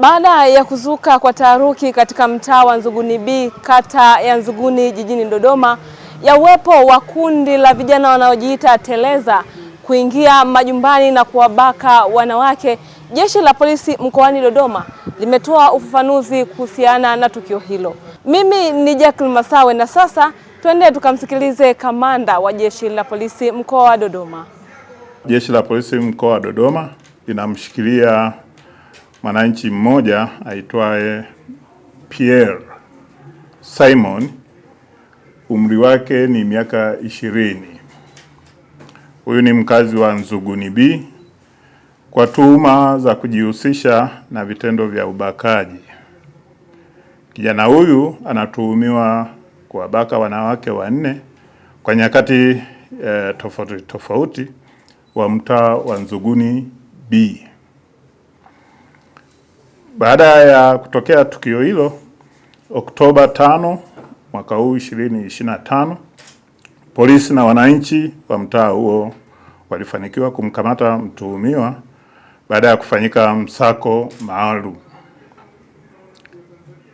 Baada ya kuzuka kwa taharuki katika mtaa wa Nzuguni B kata ya Nzuguni jijini Dodoma ya uwepo wa kundi la vijana wanaojiita Teleza kuingia majumbani na kuwabaka wanawake, jeshi la polisi mkoani Dodoma limetoa ufafanuzi kuhusiana na tukio hilo. Mimi ni Jacqueline Masawe na sasa twende tukamsikilize kamanda wa jeshi la polisi mkoa wa Dodoma. Jeshi la polisi mkoa wa Dodoma linamshikilia mwananchi mmoja aitwaye Pierre Simon, umri wake ni miaka ishirini. Huyu ni mkazi wa Nzuguni B kwa tuhuma za kujihusisha na vitendo vya ubakaji. Kijana huyu anatuhumiwa kuwabaka wanawake wanne kwa nyakati eh, tofauti tofauti wa mtaa wa Nzuguni B. Baada ya kutokea tukio hilo Oktoba 5 mwaka huu 2025, polisi na wananchi wa mtaa huo walifanikiwa kumkamata mtuhumiwa baada ya kufanyika msako maalum.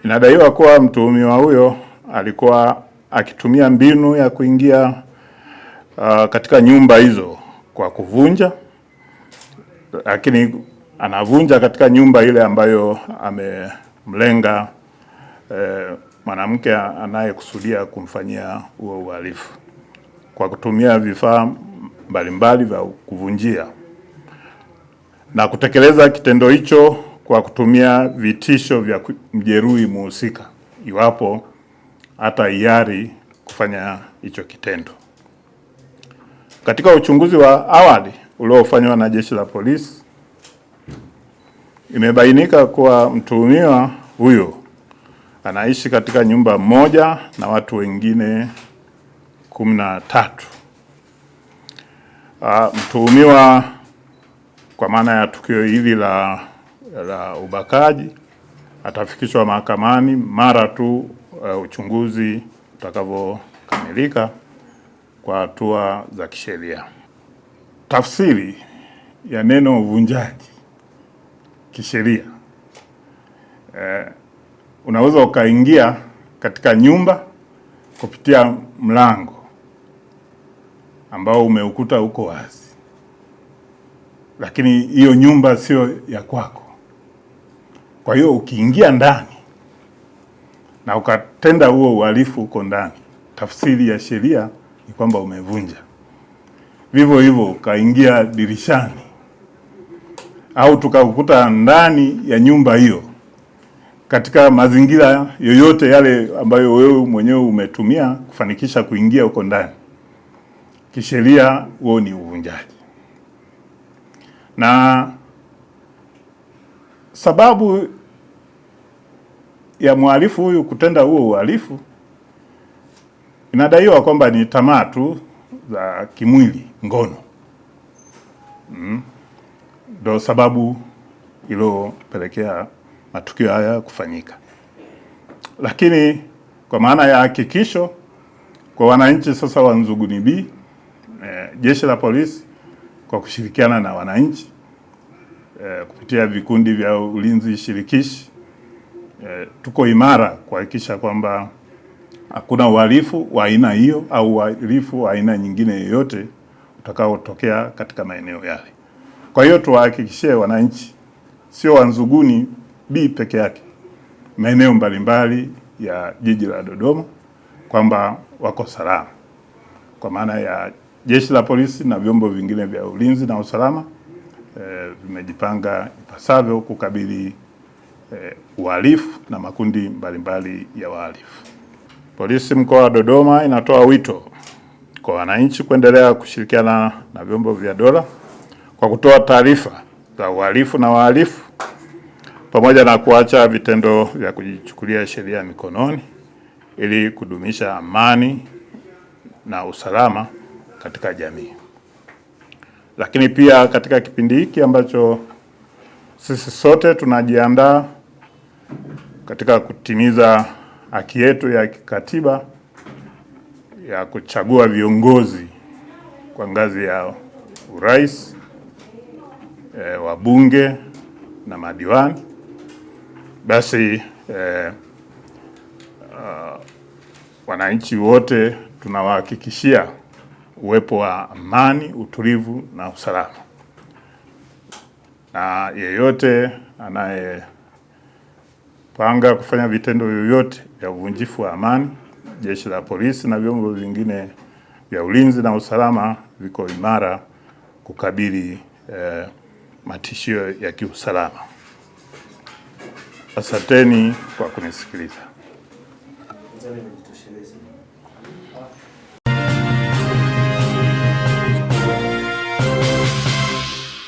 Inadaiwa kuwa mtuhumiwa huyo alikuwa akitumia mbinu ya kuingia uh, katika nyumba hizo kwa kuvunja, lakini anavunja katika nyumba ile ambayo amemlenga eh, mwanamke anayekusudia kumfanyia huo uhalifu kwa kutumia vifaa mbalimbali vya kuvunjia na kutekeleza kitendo hicho kwa kutumia vitisho vya mjeruhi muhusika iwapo hata hiari kufanya hicho kitendo. Katika uchunguzi wa awali uliofanywa na Jeshi la Polisi Imebainika kuwa mtuhumiwa huyo anaishi katika nyumba moja na watu wengine kumi na tatu. Ah, mtuhumiwa kwa maana ya tukio hili la, la ubakaji atafikishwa mahakamani mara tu uh, uchunguzi utakavyokamilika kwa hatua za kisheria. Tafsiri ya neno uvunjaji kisheria eh, unaweza ukaingia katika nyumba kupitia mlango ambao umeukuta huko wazi, lakini hiyo nyumba sio ya kwako. Kwa hiyo ukiingia ndani na ukatenda huo uhalifu huko ndani, tafsiri ya sheria ni kwamba umevunja. Vivyo hivyo ukaingia dirishani au tukakukuta ndani ya nyumba hiyo katika mazingira yoyote yale ambayo wewe mwenyewe umetumia kufanikisha kuingia huko ndani, kisheria huo ni uvunjaji. Na sababu ya mhalifu huyu kutenda huo uhalifu inadaiwa kwamba ni tamaa tu za kimwili, ngono mm ndo sababu iliyopelekea matukio haya kufanyika. Lakini kwa maana ya hakikisho kwa wananchi sasa wa Nzuguni B, e, jeshi la polisi kwa kushirikiana na wananchi e, kupitia vikundi vya ulinzi shirikishi e, tuko imara kuhakikisha kwamba hakuna uhalifu wa aina hiyo au uhalifu wa aina nyingine yoyote utakaotokea katika maeneo yale. Kwa hiyo tuwahakikishie wananchi, sio Wanzuguni B peke yake, maeneo mbalimbali ya jiji la Dodoma kwamba wako salama kwa maana ya jeshi la polisi na vyombo vingine vya ulinzi na usalama e, vimejipanga ipasavyo kukabili e, uhalifu na makundi mbalimbali mbali ya wahalifu. Polisi mkoa wa Dodoma inatoa wito kwa wananchi kuendelea kushirikiana na vyombo vya dola kwa kutoa taarifa za uhalifu na wahalifu pamoja na kuacha vitendo vya kujichukulia sheria mikononi ili kudumisha amani na usalama katika jamii. Lakini pia katika kipindi hiki ambacho sisi sote tunajiandaa katika kutimiza haki yetu ya kikatiba ya kuchagua viongozi kwa ngazi ya urais e, eh, wabunge na madiwani, basi e, uh, wananchi wote tunawahakikishia uwepo wa amani, utulivu na usalama, na yeyote anayepanga kufanya vitendo vyovyote vya uvunjifu wa amani, jeshi la polisi na vyombo vingine vya ulinzi na usalama viko imara kukabili eh, matishio ya kiusalama. Asanteni kwa kunisikiliza.